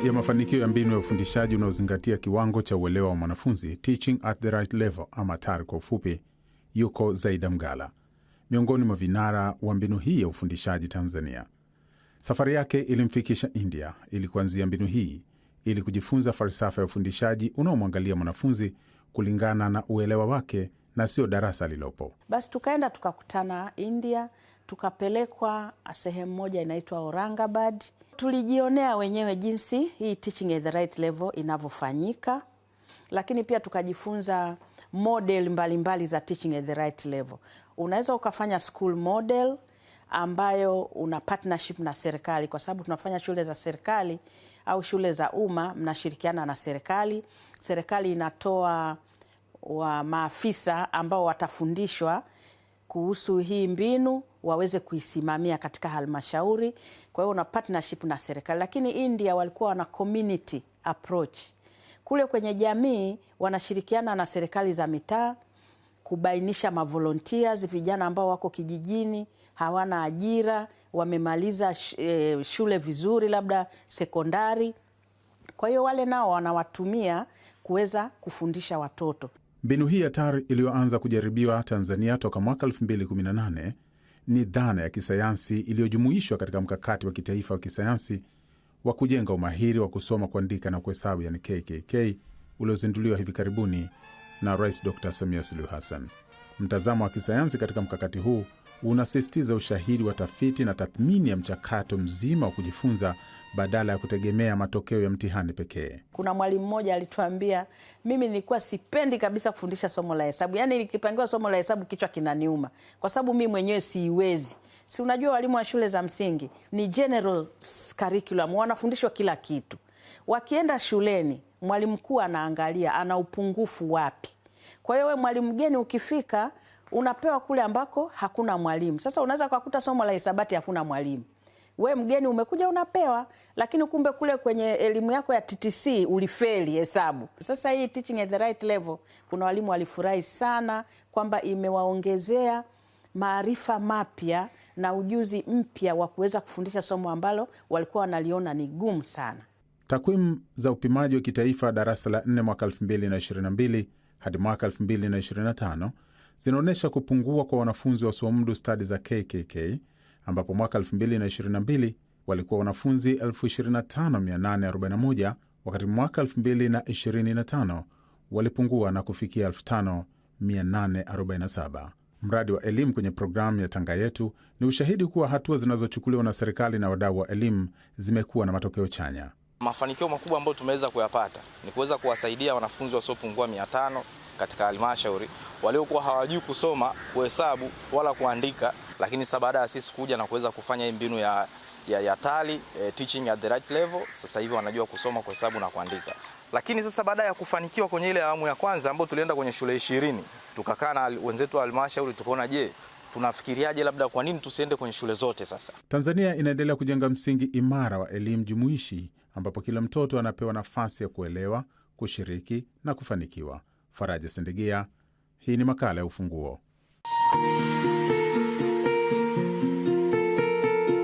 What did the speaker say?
ya mafanikio ya mbinu ya ufundishaji unaozingatia kiwango cha uelewa wa mwanafunzi teaching at the right level ama TAR kwa ufupi, yuko Zaida Mgala, miongoni mwa vinara wa mbinu hii ya ufundishaji Tanzania. Safari yake ilimfikisha India ili kuanzia mbinu hii ili kujifunza falsafa ya ufundishaji unaomwangalia mwanafunzi kulingana na uelewa wake na sio darasa lilopo. Basi tukaenda tukakutana India tukapelekwa sehemu moja inaitwa Orangabad. Tulijionea wenyewe jinsi hii teaching at the right level inavyofanyika, lakini pia tukajifunza model mbalimbali mbali za teaching at the right level. Unaweza ukafanya school model ambayo una partnership na serikali, kwa sababu tunafanya shule za serikali au shule za umma, mnashirikiana na serikali. Serikali inatoa wa maafisa ambao watafundishwa kuhusu hii mbinu waweze kuisimamia katika halmashauri. Kwa hiyo una partnership na serikali, lakini India walikuwa wana community approach kule kwenye jamii, wanashirikiana na serikali za mitaa kubainisha mavolunteers, vijana ambao wako kijijini hawana ajira, wamemaliza eh, shule vizuri, labda sekondari. Kwa hiyo wale nao wanawatumia kuweza kufundisha watoto. Mbinu hii hatari iliyoanza kujaribiwa Tanzania toka mwaka 2018 ni dhana ya kisayansi iliyojumuishwa katika mkakati wa kitaifa wa kisayansi wa kujenga umahiri wa kusoma, kuandika na kuhesabu, yani KKK, uliozinduliwa hivi karibuni na Rais Dr. Samia Suluhu Hassan. Mtazamo wa kisayansi katika mkakati huu unasisitiza ushahidi wa tafiti na tathmini ya mchakato mzima wa kujifunza badala ya kutegemea matokeo ya mtihani pekee. Kuna mwalimu mmoja alituambia, mimi nilikuwa sipendi kabisa kufundisha somo la hesabu, yaani nikipangiwa somo la hesabu kichwa kinaniuma, kwa sababu mimi mwenyewe siiwezi. Si unajua walimu wa shule za msingi ni general curriculum, wanafundishwa kila kitu. Wakienda shuleni, mwalimu mkuu anaangalia ana upungufu wapi. Kwa hiyo wewe mwalimu mgeni ukifika unapewa kule ambako hakuna mwalimu. Sasa unaweza kukuta somo la hisabati hakuna mwalimu, we mgeni umekuja unapewa, lakini kumbe kule kwenye elimu yako ya TTC ulifeli hesabu. Sasa hii teaching at the right level, kuna walimu walifurahi sana kwamba imewaongezea maarifa mapya na ujuzi mpya wa kuweza kufundisha somo ambalo walikuwa wanaliona ni gumu sana. Takwimu za upimaji wa kitaifa darasa la 4 mwaka 2022 hadi mwaka 2025 zinaonyesha kupungua kwa wanafunzi wa somdu stadi za KKK ambapo mwaka 2022 walikuwa wanafunzi 25841 wakati mwaka 2025 walipungua na kufikia 5847. Mradi wa elimu kwenye programu ya Tanga Yetu ni ushahidi kuwa hatua zinazochukuliwa na serikali na wadau wa elimu zimekuwa na matokeo chanya. Mafanikio makubwa ambayo tumeweza kuyapata ni kuweza kuwasaidia wanafunzi wasiopungua mia tano katika halmashauri waliokuwa hawajui kusoma, kuhesabu wala kuandika, lakini sasa baada ya sisi kuja na kuweza kufanya hii mbinu ya, ya, ya TALI eh, teaching at the right level, sasa hivi wanajua kusoma, kuhesabu na kuandika. Lakini sasa baada ya kufanikiwa kwenye ile awamu ya kwanza ambayo tulienda kwenye shule 20 tukakaa na wenzetu wa halmashauri tukaona, je tunafikiriaje labda kwa nini tusiende kwenye shule zote? Sasa Tanzania inaendelea kujenga msingi imara wa elimu jumuishi ambapo kila mtoto anapewa nafasi ya kuelewa, kushiriki na kufanikiwa. Faraja Sendegia. Hii ni makala ya Ufunguo.